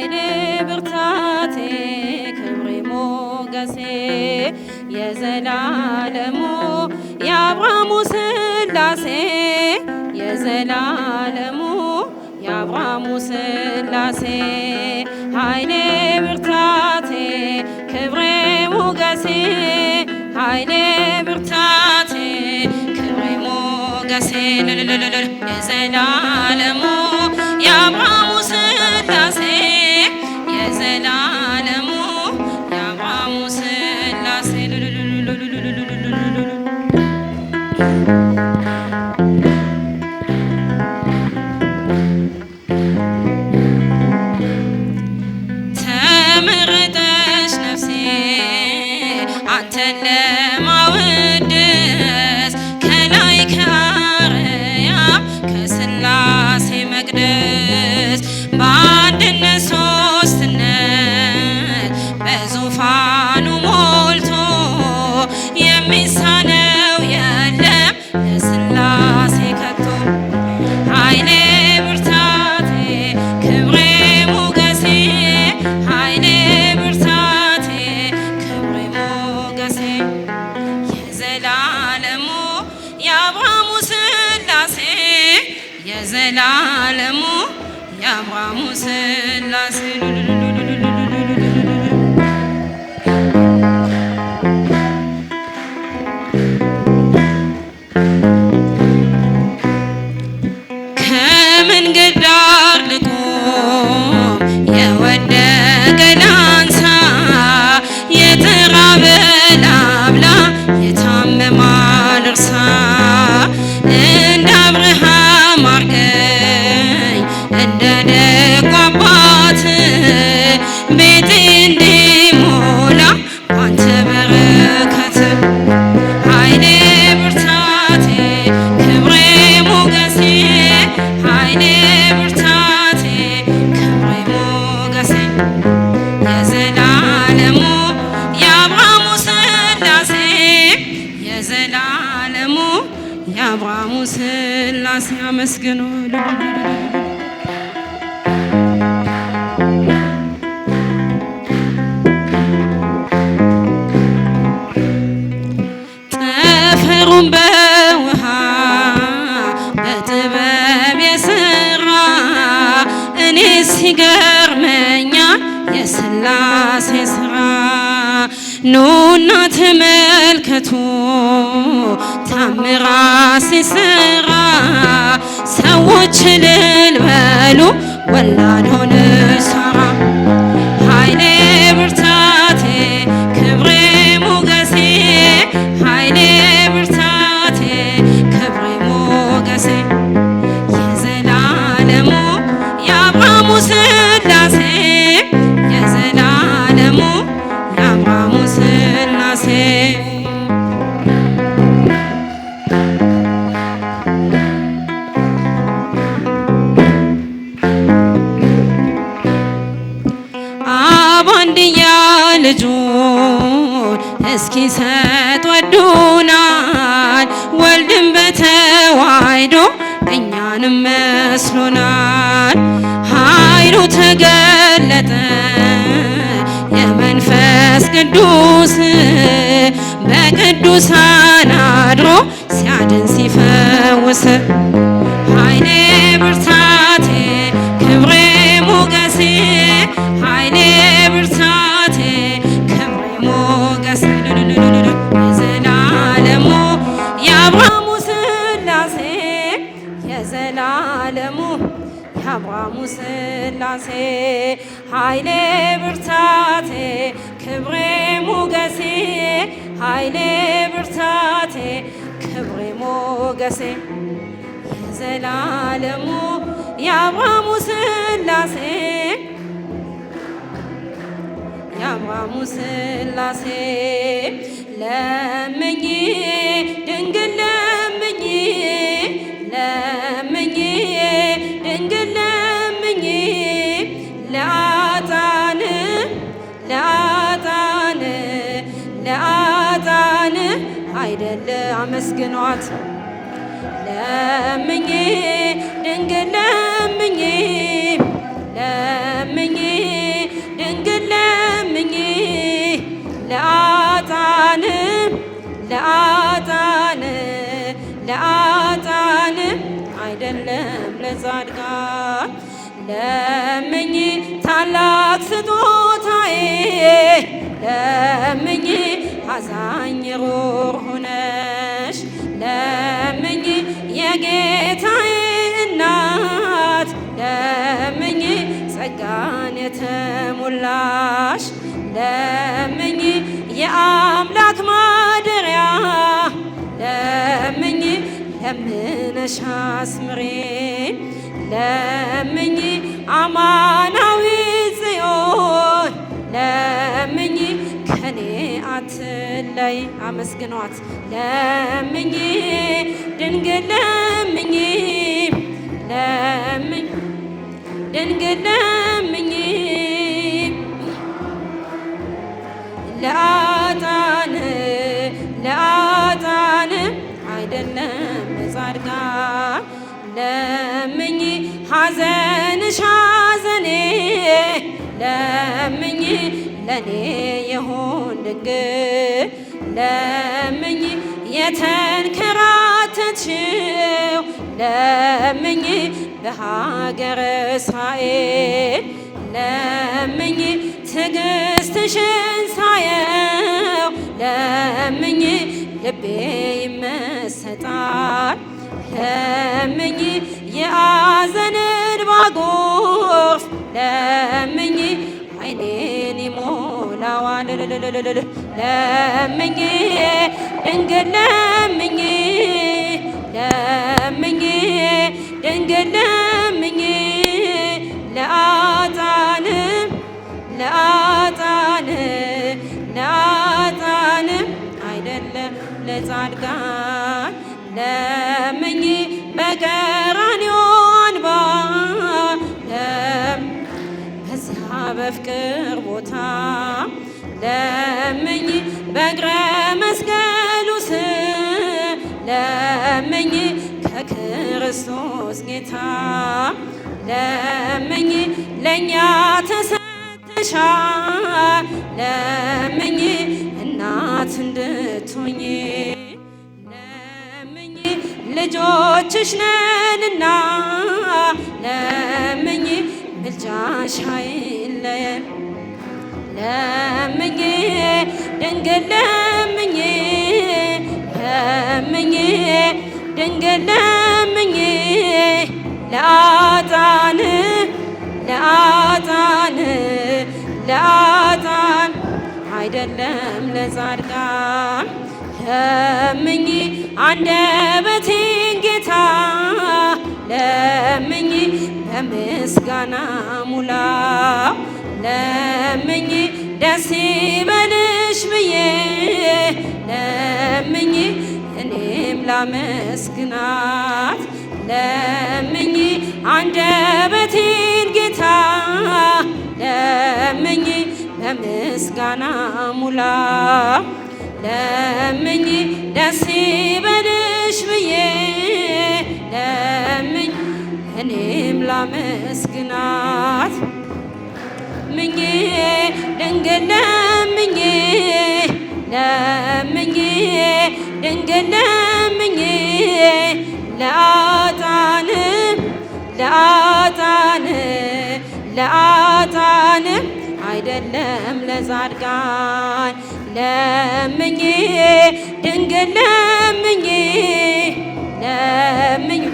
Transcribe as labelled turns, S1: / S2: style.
S1: ኃይሌ ብርታቴ ክብሬ ሞገሴ የዘላለሙ የአብርሃሙ ስላሴ የዘላለሙ የአብርሃሙ ስላሴ ኃይሌ ብርታቴ ክብሬ ሞገሴ ኃይሌ ብርታቴ ክብሬ ሞገሴ የዘላለሙ ተመረጠች ነፍሴ አንተን ከላይ ከአርያም ከስላሴ መቅደስ
S2: አመስግኑ።
S3: ጠፈሩን በውሃ በጥበብ የሰራ እኔ ሲገርመኛ የስላሴ ስራ። ኑና ተመልከቱ ታምራት ሲሰራ ሰዎች እልል በሉ ወላዶን ሳ ኃይሌ ብርታቴ
S4: እስኪሰጥ ወዶናል ወልድን በተዋሕዶ እኛንም መስሎናል። ኃይሉ ተገለጠ የመንፈስ ቅዱስ በቅዱሳን አድሮ ሲያድን ሲፈውስ ኃይሌ ብርታቴ ክብሬ ሞገሴ ኃይሌ ሥላሴ ኃይሌ ብርታቴ ክብሬ ሞገሴ ኃይሌ ብርታቴ ክብሬ ሞገሴ የዘላለሙ የአብርሃሙ ሥላሴ የአብርሃሙ ሥላሴ ለምኝ አመስግኗት። ለምኜ ድንግል ለምኝ ለምኜ ድንግል ለምኜ ለአጣን ለአጣን ለአጣን አይደለም ለጻድቃን ለምኜ የጌታዬ እናት ለምኝ ጸጋን የተሞላሽ ለምኝ የአምላክ ማደሪያ ለምኝ ለምነሽ አስምሬ ለምኝ አማናዊ ጽዮን ለምኝ ከኔ አትለይ አመስግኗት ለምኝ ድንግል ለምኝ ለምኝ ድንግል ለምኝ ለአጣን ለአጣን አይደለም ጻድቃን ለምኝ ሐዘንሽ ሐዘኔ ለምኝ ለኔ የሆን ድንግል ለምኝ የተንከራተችው ለምኝ በሀገር እስራኤል ለምኝ ትዕግስትሽን ሳየው ለምኝ ልቤ ይመሰጣል ለምኝ የአዘንን ባጎርፍ ለምኝ ጌታዋን ለምኝ ድንግል ለምኝ ለምኝ ድንግል ለምኝ ለአጣን ለአጣን ለአጣን አይደለም ለጻድቃን ለምኝ በቀራንዮ አንባ በዚያ በፍቅር ቦታ ለምኝ በእግረ መስቀሉ ስር ለምኝ ከክርስቶስ ጌታ ለምኝ ለእኛ ተሰተሻ ለምኝ እናት እንድትሆኝ ለምኝ ልጆችሽ ነንና ለምኝ ምልጃሽ አይለየን ለምኝ ድንግል ለምኝ ለምኜ ድንግል ለምኜ ለአጣን ለአጣን ለአጣን አይደለም ለጻድቃን ለምኝ አንደበቴን ጌታ ለምኝ በምስጋና ሙላ ለምኝ ደስ ይበልሽ ብዬ ለምኝ እኔም ላመስግናት ለምኝ አንደበቴን ጌታ ለምኝ በምስጋና ሙላ ለምኝ ደስ ይበልሽ ብዬ ለምኝ እኔም ላመስግናት ለምኝ ድንግል ለምኝ ለምኝ ድንግል ለምኝ ለአጣን ለአጣን ለአጣን አይደለም ለጻድቃን ለምኜ ድንግል ለምኜ ለምኜ